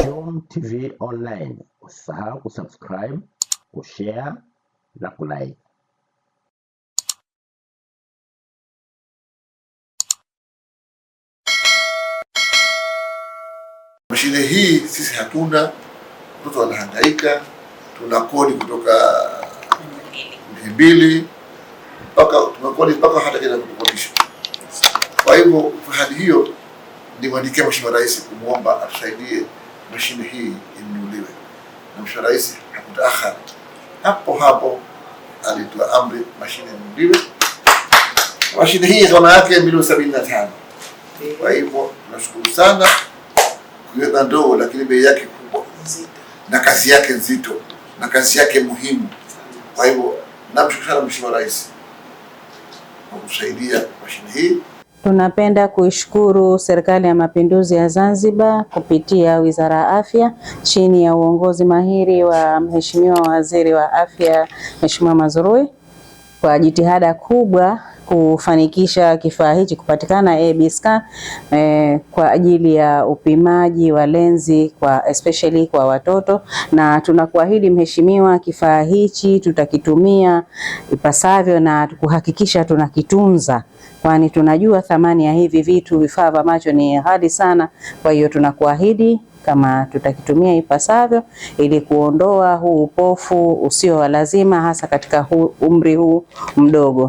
Chom TV Online. Usisahau kusubscribe, kushare na kulike. Mashine hii sisi hatuna, watoto wanahangaika, tuna kodi kutoka mbili mpaka tunakodi mpaka hata kenda kutukodisha. Kwa hivyo hali hiyo, nimwandikia Mheshimiwa Rais kumwomba atusaidie mashine hii imnunuliwe, na Mheshimiwa Rais hakutaakhari, hapo hapo alitoa amri mashine inunuliwe. Mashine hii gharama yake milioni sabini na tano. Kwa hivyo nashukuru sana kuiona ndogo, lakini bei yake kubwa na kazi yake nzito na kazi yake muhimu. Kwa hivyo namshukuru sana Mheshimiwa Rais kwa kusaidia mashine hii. Tunapenda kuishukuru Serikali ya Mapinduzi ya Zanzibar kupitia Wizara ya Afya chini ya uongozi mahiri wa Mheshimiwa Waziri wa Afya Mheshimiwa Mazrui kwa jitihada kubwa kufanikisha kifaa hichi kupatikana AB scan eh, kwa ajili ya upimaji wa lenzi kwa especially kwa watoto, na tunakuahidi mheshimiwa, kifaa hichi tutakitumia ipasavyo na kuhakikisha tunakitunza, kwani tunajua thamani ya hivi vitu, vifaa vya macho ni ghali sana. Kwa hiyo tunakuahidi kama tutakitumia ipasavyo ili kuondoa huu upofu usio wa lazima hasa katika huu umri huu mdogo.